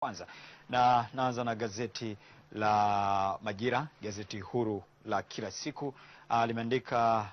Kwanza na naanza na gazeti la Majira, gazeti huru la kila siku ah, limeandika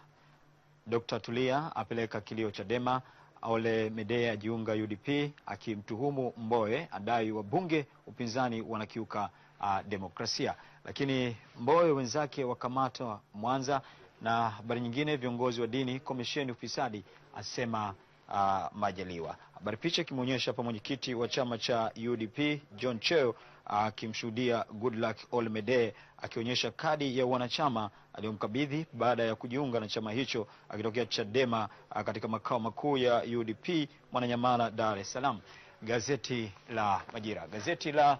Dr. Tulia apeleka kilio Chadema, Ole Medea ajiunga UDP, akimtuhumu mboe adai wabunge upinzani wanakiuka uh, demokrasia, lakini mboe wenzake wakamatwa Mwanza. Na habari nyingine, viongozi wa dini komisheni ufisadi asema uh, Majaliwa. Habari picha ikimwonyesha hapa mwenyekiti wa chama cha UDP John Cheo akimshuhudia uh, Goodluck Olmede akionyesha kadi ya wanachama aliyomkabidhi baada ya kujiunga na chama hicho akitokea Chadema uh, katika makao makuu ya UDP Mwananyamala, Dar es Salaam. Gazeti la Majira, gazeti la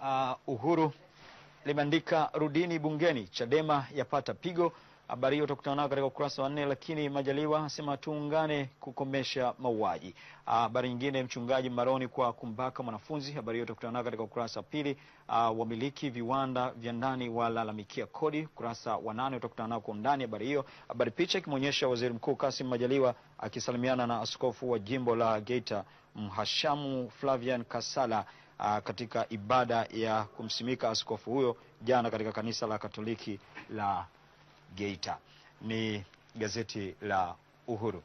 uh, Uhuru limeandika rudini bungeni, Chadema yapata pigo Habari hiyo utakutana nayo katika ukurasa wa nne. Lakini Majaliwa asema tuungane kukomesha mauaji. Ah, habari nyingine, mchungaji mbaroni kwa kumbaka mwanafunzi. Habari hiyo utakutana nayo katika ukurasa wa pili. Ah, wamiliki viwanda vya ndani walalamikia kodi, ukurasa wa nane utakutana nayo kwa undani habari hiyo. Habari picha ikimwonyesha waziri mkuu Kasim Majaliwa akisalimiana na askofu wa jimbo la Geita Mhashamu Flavian Kasala a, ah, katika ibada ya kumsimika askofu huyo jana katika kanisa la Katoliki la Geita. Ni gazeti la Uhuru.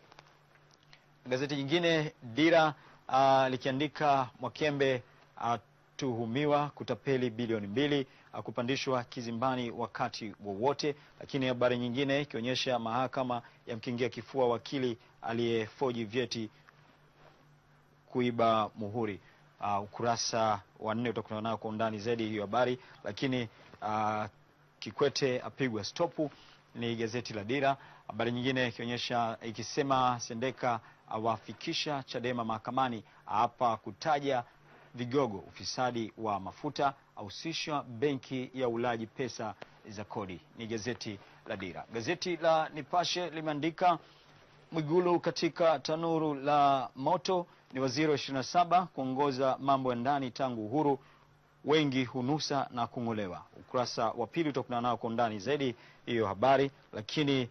Gazeti jingine Dira uh, likiandika Mwakembe atuhumiwa kutapeli bilioni mbili, akupandishwa ah, kizimbani wakati wowote. Lakini habari nyingine ikionyesha mahakama ya mkingia kifua wakili aliyefoji vyeti kuiba muhuri. Uh, ukurasa wa nne utakutana nao kwa undani zaidi hiyo habari, lakini uh, Kikwete apigwa stopu, ni gazeti la Dira. Habari nyingine ikionyesha ikisema Sendeka awafikisha Chadema mahakamani, hapa kutaja vigogo, ufisadi wa mafuta ahusishwa benki ya ulaji pesa za kodi, ni gazeti la Dira. Gazeti la Nipashe limeandika Mwigulu katika tanuru la moto, ni waziri wa 27 kuongoza mambo ya ndani tangu uhuru wengi hunusa na kung'olewa. Ukurasa wa pili utakutana nao kwa undani zaidi hiyo habari, lakini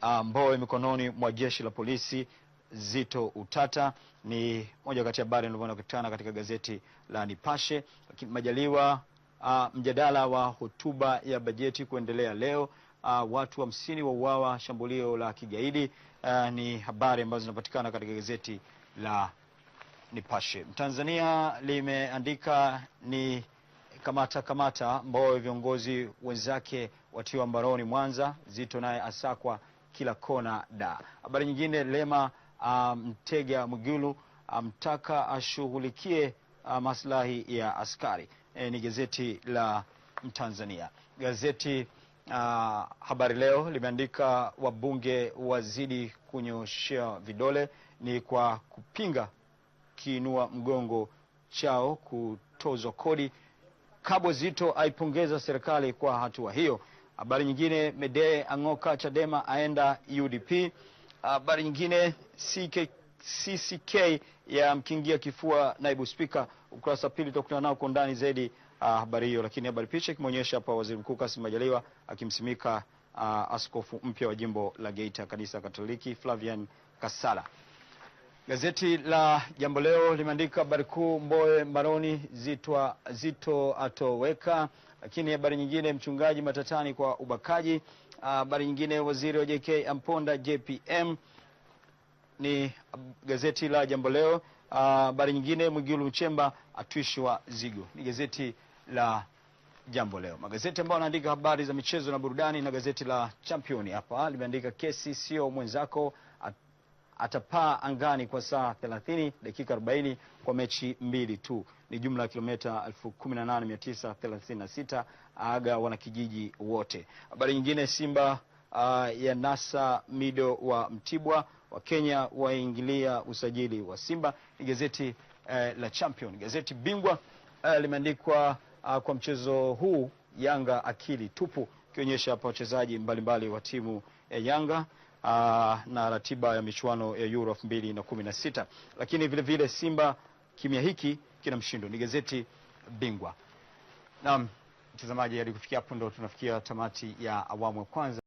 ah, mbowe mikononi mwa jeshi la polisi zito utata ni moja kati ya habari inapatikana katika gazeti la Nipashe. Lakini Majaliwa, uh, mjadala wa hotuba ya bajeti kuendelea leo. Uh, watu hamsini wa uawa shambulio la kigaidi uh, ni habari ambazo zinapatikana katika gazeti la Nipashe. mtanzania limeandika ni kamata kamata ambao viongozi wenzake watiwa mbaroni Mwanza, Zito naye asakwa kila kona da. Habari nyingine Lema um, Mtega um, Mwigulu amtaka um, ashughulikie uh, maslahi ya askari. E, ni gazeti la Mtanzania. Gazeti uh, Habari Leo limeandika wabunge wazidi kunyoshea vidole ni kwa kupinga wakiinua mgongo chao kutozwa kodi. Kabo Zito aipongeza serikali kwa hatua hiyo. Habari nyingine, Mede Ang'oka Chadema aenda UDP. Habari nyingine, CK, CCK ya mkingia kifua naibu spika. Ukurasa pili utakutana nao kwa undani zaidi ah, habari hiyo, lakini habari picha ikimwonyesha hapa Waziri Mkuu Kassim Majaliwa akimsimika Uh, askofu mpya wa jimbo la Geita kanisa Katoliki Flavian Kasala. Gazeti la Jambo Leo limeandika habari kuu, Mbowe mbaroni, zitwa Zito atoweka. Lakini habari nyingine, mchungaji matatani kwa ubakaji. Ah, habari nyingine, waziri wa JK amponda JPM, ni gazeti la Jambo Leo. Ah, habari nyingine, Mwigulu Nchemba atwishwa zigo, ni gazeti la Jambo Leo. Magazeti ambayo anaandika habari za michezo na burudani, na gazeti la Championi hapa limeandika kesi sio mwenzako atapaa angani kwa saa 30 dakika 40 kwa mechi mbili tu. Ni jumla ya kilomita 18936 aga wanakijiji wote. Habari nyingine, Simba uh, ya nasa mido wa Mtibwa wa Kenya waingilia usajili wa Simba. Ni gazeti uh, la Champion, gazeti bingwa uh, limeandikwa uh, kwa mchezo huu Yanga akili tupu, ikionyesha hapa wachezaji mbalimbali wa timu ya Yanga na ratiba ya michuano ya Euro 2016. Lakini vile vile Simba kimya hiki kina mshindo, ni gazeti bingwa. Naam mtazamaji, hadi kufikia hapo ndo tunafikia tamati ya awamu ya kwanza.